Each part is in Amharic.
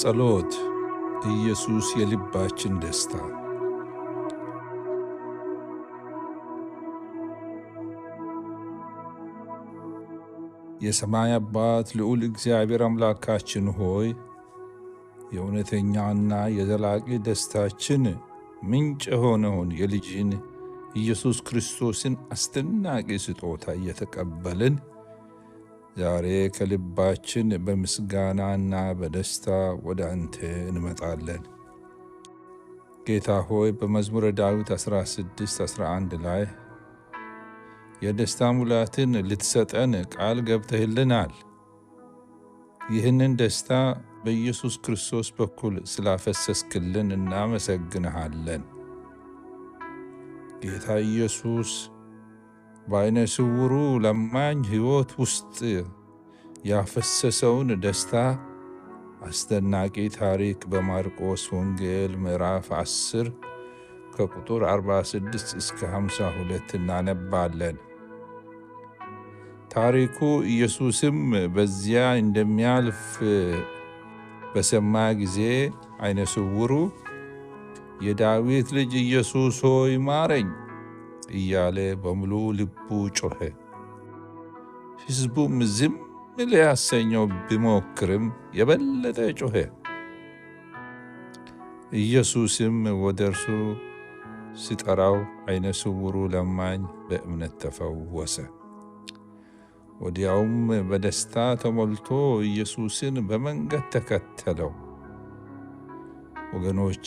ጸሎት ኢየሱስ የልባችን ደስታ የሰማይ አባት ልዑል እግዚአብሔር አምላካችን ሆይ የእውነተኛና የዘላቂ ደስታችን ምንጭ የሆነውን የልጅን ኢየሱስ ክርስቶስን አስደናቂ ስጦታ እየተቀበልን ዛሬ ከልባችን በምስጋናና በደስታ ወደ አንተ እንመጣለን። ጌታ ሆይ በመዝሙረ ዳዊት 16 11 ላይ የደስታ ሙላትን ልትሰጠን ቃል ገብተህልናል። ይህንን ደስታ በኢየሱስ ክርስቶስ በኩል ስላፈሰስክልን እናመሰግንሃለን። ጌታ ኢየሱስ በዓይነ ስውሩ ለማኝ ሕይወት ውስጥ ያፈሰሰውን ደስታ አስደናቂ ታሪክ በማርቆስ ወንጌል ምዕራፍ 10 ከቁጥር 46 እስከ 52 እናነባለን። ታሪኩ ኢየሱስም በዚያ እንደሚያልፍ በሰማ ጊዜ አይነ ስውሩ የዳዊት ልጅ ኢየሱስ ሆይ ማረኝ እያለ በሙሉ ልቡ ጮኸ። ሕዝቡም ዝም ሊያሰኘው ቢሞክርም የበለጠ ጮኸ። ኢየሱስም ወደ እርሱ ሲጠራው ዓይነ ስውሩ ለማኝ በእምነት ተፈወሰ። ወዲያውም በደስታ ተሞልቶ ኢየሱስን በመንገድ ተከተለው። ወገኖቼ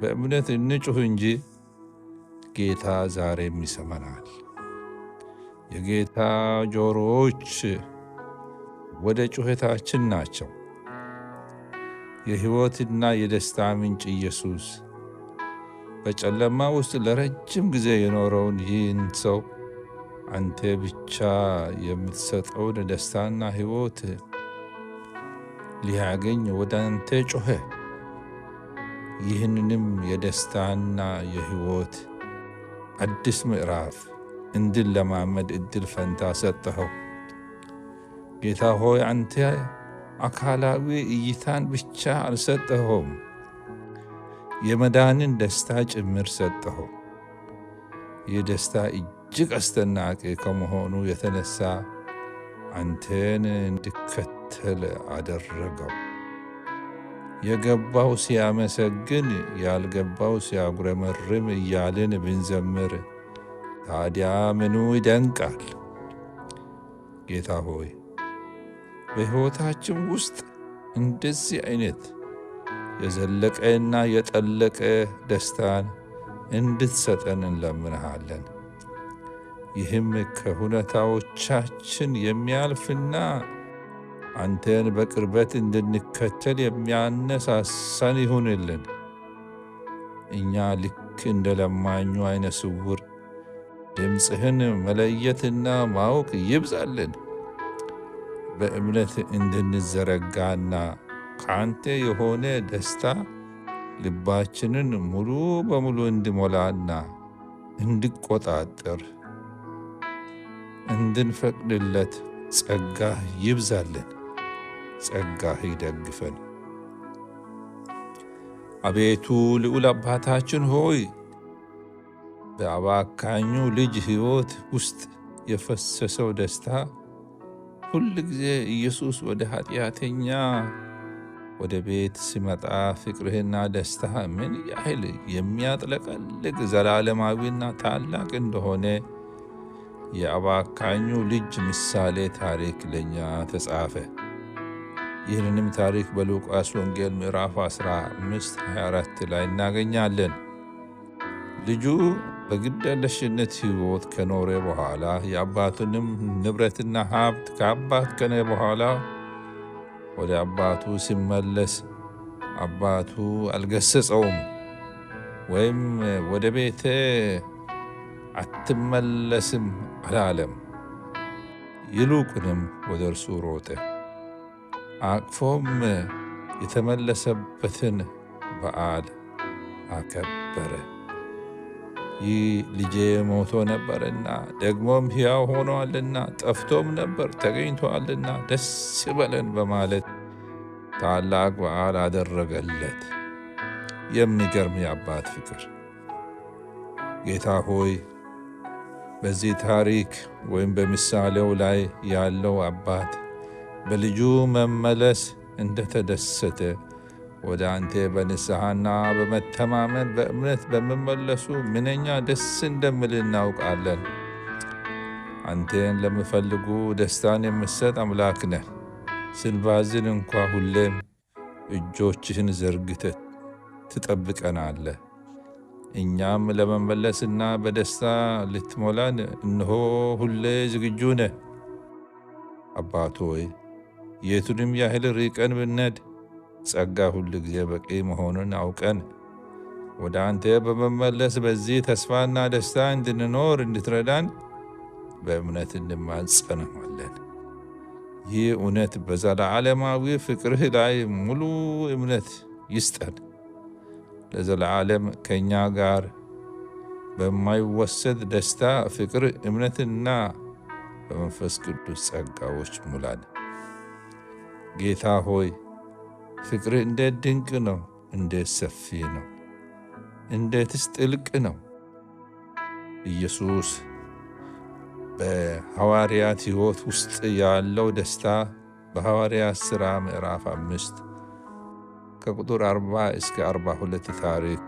በእምነት እንጩህ እንጂ ጌታ ዛሬም ይሰማናል። የጌታ ጆሮዎች ወደ ጩኸታችን ናቸው። የሕይወትና የደስታ ምንጭ ኢየሱስ በጨለማ ውስጥ ለረጅም ጊዜ የኖረውን ይህን ሰው አንተ ብቻ የምትሰጠውን ደስታና ሕይወት ሊያገኝ ወደ አንተ ጮኸ። ይህንንም የደስታና የሕይወት አዲስ ምዕራፍ ለማመድ እድል ፈንታ ሰጠኸው። ጌታ ሆይ አንተ አካላዊ እይታን ብቻ አልሰጠኸውም፣ የመዳንን ደስታ ጭምር ሰጠኸው። ይህ ደስታ እጅግ አስደናቂ ከመሆኑ የተነሳ አንተን እንድከተል አደረገው። የገባው ሲያመሰግን ያልገባው ሲያጉረመርም እያልን ብንዘምር ታዲያ ምኑ ይደንቃል? ጌታ ሆይ በሕይወታችን ውስጥ እንደዚህ አይነት የዘለቀና የጠለቀ ደስታን እንድትሰጠን እንለምንሃለን። ይህም ከሁኔታዎቻችን የሚያልፍና አንተን በቅርበት እንድንከተል የሚያነሳሳን ይሁንልን። እኛ ልክ እንደ ለማኙ አይነ ስውር ድምፅህን መለየትና ማወቅ ይብዛልን። በእምነት እንድንዘረጋና ከአንተ የሆነ ደስታ ልባችንን ሙሉ በሙሉ እንድሞላና እንድቆጣጠር እንድንፈቅድለት ጸጋህ ይብዛልን። ጸጋህ ይደግፈን። አቤቱ ልዑል አባታችን ሆይ በአባካኙ ልጅ ሕይወት ውስጥ የፈሰሰው ደስታ ሁል ጊዜ ኢየሱስ ወደ ኃጢአተኛ ወደ ቤት ሲመጣ ፍቅርህና ደስታ ምን ያህል የሚያጥለቀልቅ ዘላለማዊና ታላቅ እንደሆነ የአባካኙ ልጅ ምሳሌ ታሪክ ለእኛ ተጻፈ። ይህንንም ታሪክ በሉቃስ ወንጌል ምዕራፍ 15 24 ላይ እናገኛለን። ልጁ በግደለሽነት ሕይወት ከኖረ በኋላ የአባቱንም ንብረትና ሀብት ከአባት ከነ በኋላ ወደ አባቱ ሲመለስ አባቱ አልገሰጸውም ወይም ወደ ቤተ አትመለስም አላለም። ይልቁንም ወደ እርሱ ሮጠ። አቅፎም የተመለሰበትን በዓል አከበረ። ይህ ልጄ ሞቶ ነበርና ደግሞም ሕያው ሆኗልና፣ ጠፍቶም ነበር ተገኝቷልና ደስ በለን በማለት ታላቅ በዓል አደረገለት። የሚገርም የአባት ፍቅር! ጌታ ሆይ በዚህ ታሪክ ወይም በምሳሌው ላይ ያለው አባት በልጁ መመለስ እንደተደሰተ ወደ አንተ በንስሐና በመተማመን በእምነት በመመለሱ ምንኛ ደስ እንደምል እናውቃለን። አንተን ለምፈልጉ ደስታን የምሰጥ አምላክ ነህ። ስንባዝን እንኳ ሁሌም እጆችህን ዘርግተ ትጠብቀናለ! እኛም ለመመለስና በደስታ ልትሞላን እንሆ ሁሌ ዝግጁ ነህ። አባት ሆይ የቱንም ያህል ርቀን ብነድ ጸጋ ሁል ጊዜ በቂ መሆኑን አውቀን ወደ አንተ በመመለስ በዚህ ተስፋና ደስታ እንድንኖር እንድትረዳን በእምነት እንማጸንዋለን። ይህ እውነት ዓለማዊ ፍቅርህ ላይ ሙሉ እምነት ይስጠን። ለዘላለም ከእኛ ጋር በማይወሰድ ደስታ፣ ፍቅር፣ እምነትና በመንፈስ ቅዱስ ጸጋዎች ሙላን። ጌታ ሆይ ፍቅር እንዴት ድንቅ ነው! እንዴት ሰፊ ነው! እንዴትስ ጥልቅ ነው! ኢየሱስ በሐዋርያት ሕይወት ውስጥ ያለው ደስታ በሐዋርያት ሥራ ምዕራፍ አምስት ከቁጥር 40 እስከ 42 ታሪክ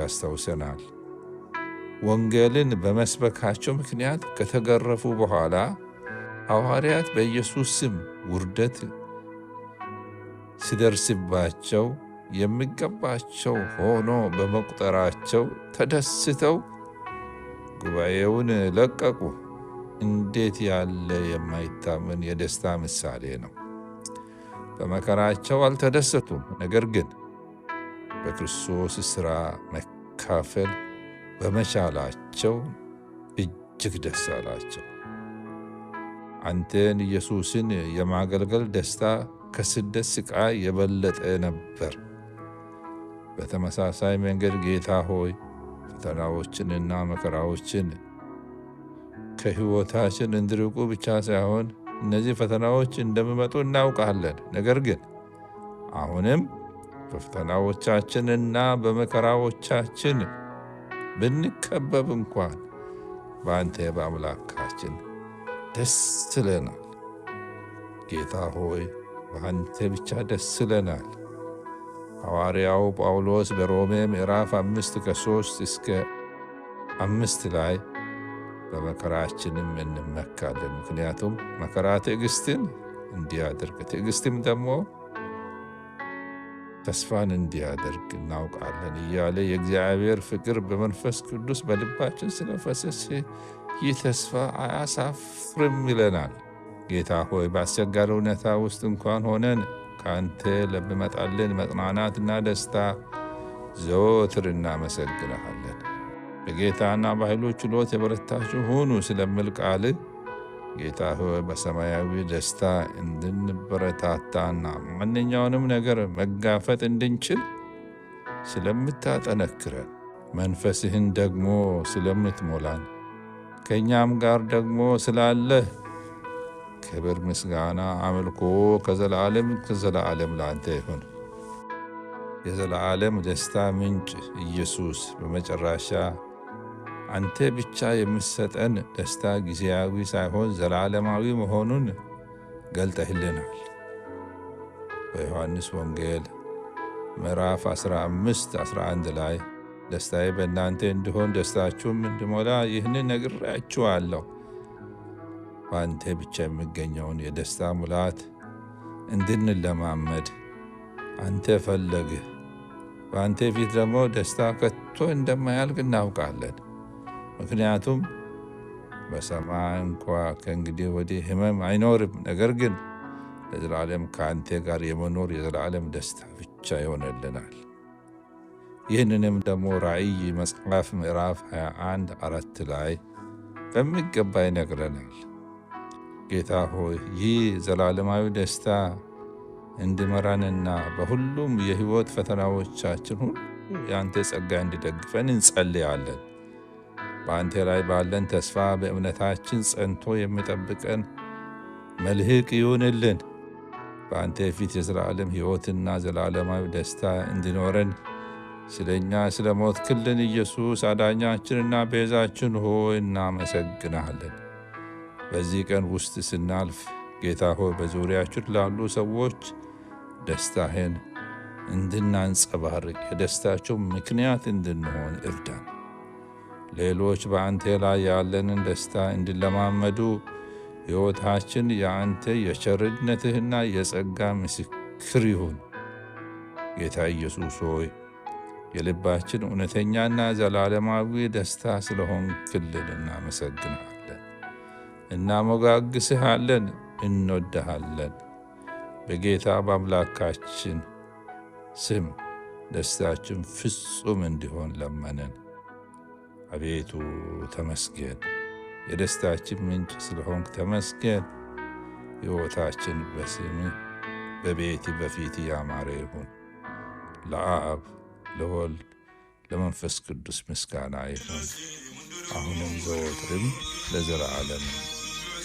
ያስታውሰናል። ወንጌልን በመስበካቸው ምክንያት ከተገረፉ በኋላ ሐዋርያት በኢየሱስ ስም ውርደት ሲደርስባቸው የሚገባቸው ሆኖ በመቁጠራቸው ተደስተው ጉባኤውን ለቀቁ። እንዴት ያለ የማይታመን የደስታ ምሳሌ ነው! በመከራቸው አልተደሰቱም። ነገር ግን በክርስቶስ ሥራ መካፈል በመቻላቸው እጅግ ደስ አላቸው። አንተን ኢየሱስን የማገልገል ደስታ ከስደት ሥቃይ የበለጠ ነበር። በተመሳሳይ መንገድ ጌታ ሆይ ፈተናዎችንና መከራዎችን ከሕይወታችን እንድርቁ ብቻ ሳይሆን እነዚህ ፈተናዎች እንደሚመጡ እናውቃለን። ነገር ግን አሁንም በፈተናዎቻችንና በመከራዎቻችን ብንከበብ እንኳን በአንተ በአምላካችን ደስ ይለናል። ጌታ ሆይ በአንተ ብቻ ደስ ይለናል። ሐዋርያው ጳውሎስ በሮሜ ምዕራፍ አምስት ከሶስት እስከ አምስት ላይ በመከራችንም እንመካለን፣ ምክንያቱም መከራ ትዕግስትን እንዲያደርግ ትዕግስትም ደግሞ ተስፋን እንዲያደርግ እናውቃለን እያለ የእግዚአብሔር ፍቅር በመንፈስ ቅዱስ በልባችን ስለፈሰሰ ይህ ተስፋ አያሳፍርም ይለናል። ጌታ ሆይ በአስቸጋሪ እውነታ ውስጥ እንኳን ሆነን ከአንተ ለሚመጣልን መጽናናትና ደስታ ዘወትር እናመሰግንሃለን። በጌታና በኃይሉ ችሎት የበረታችሁ ሁኑ ስለሚል ቃል ጌታ ሆይ በሰማያዊ ደስታ እንድንበረታታና ማንኛውንም ነገር መጋፈጥ እንድንችል ስለምታጠነክረን መንፈስህን ደግሞ ስለምትሞላን ከእኛም ጋር ደግሞ ስላለህ ክብር፣ ምስጋና፣ አምልኮ ከዘለዓለም ከዘላለም ለአንተ ይሁን። የዘለዓለም ደስታ ምንጭ ኢየሱስ፣ በመጨረሻ አንተ ብቻ የምትሰጠን ደስታ ጊዜያዊ ሳይሆን ዘላለማዊ መሆኑን ገልጠህልናል። በዮሐንስ ወንጌል ምዕራፍ 15 11 ላይ ደስታዬ በእናንተ እንዲሆን ደስታችሁም እንዲሞላ ይህንን ነግሬያችኋለሁ በአንተ ብቻ የሚገኘውን የደስታ ሙላት እንድንለማመድ አንተ ፈለግህ። በአንተ ፊት ደግሞ ደስታ ከቶ እንደማያልቅ እናውቃለን። ምክንያቱም በሰማይ እንኳ ከእንግዲህ ወዲህ ሕመም አይኖርም። ነገር ግን ለዘላለም ከአንተ ጋር የመኖር የዘላለም ደስታ ብቻ ይሆነልናል። ይህንንም ደግሞ ራእይ መጽሐፍ ምዕራፍ 21 አራት ላይ በሚገባ ይነግረናል። ጌታ ሆይ ይህ ዘላለማዊ ደስታ እንድመራንና በሁሉም የሕይወት ፈተናዎቻችን ሁሉ የአንተ ጸጋ እንዲደግፈን እንጸልያለን። በአንተ ላይ ባለን ተስፋ በእምነታችን ጸንቶ የሚጠብቀን መልህቅ ይሁንልን። በአንተ ፊት የዘላለም ሕይወትና ዘላለማዊ ደስታ እንዲኖረን ስለኛ ስለ ሞት ክልን ኢየሱስ አዳኛችንና ቤዛችን ሆይ እናመሰግናለን። በዚህ ቀን ውስጥ ስናልፍ ጌታ ሆይ በዙሪያችን ላሉ ሰዎች ደስታህን እንድናንጸባርቅ የደስታቸው ምክንያት እንድንሆን እርዳን። ሌሎች በአንተ ላይ ያለንን ደስታ እንዲለማመዱ ሕይወታችን የአንተ የቸርነትህና የጸጋ ምስክር ይሁን። ጌታ ኢየሱስ ሆይ የልባችን እውነተኛና ዘላለማዊ ደስታ ስለሆንክልን እናመሰግናል። እናሞጋግስሃለን፣ እንወድሃለን። በጌታ በአምላካችን ስም ደስታችን ፍጹም እንዲሆን ለመንን። አቤቱ ተመስገን፣ የደስታችን ምንጭ ስለሆንክ ተመስገን። ሕይወታችን በስም በቤት በፊት ያማረ ይሁን። ለአብ ለወልድ ለመንፈስ ቅዱስ ምስጋና ይሁን አሁንም ዘወትርም ለዘለዓለም።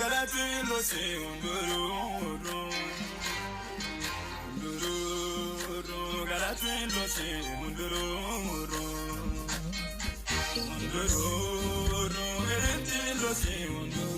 ነገራችን ነው ሲሆንብሩ ነገራችን ነው ሲሆንብሩ ነገራችን ነው ሲሆንብሩ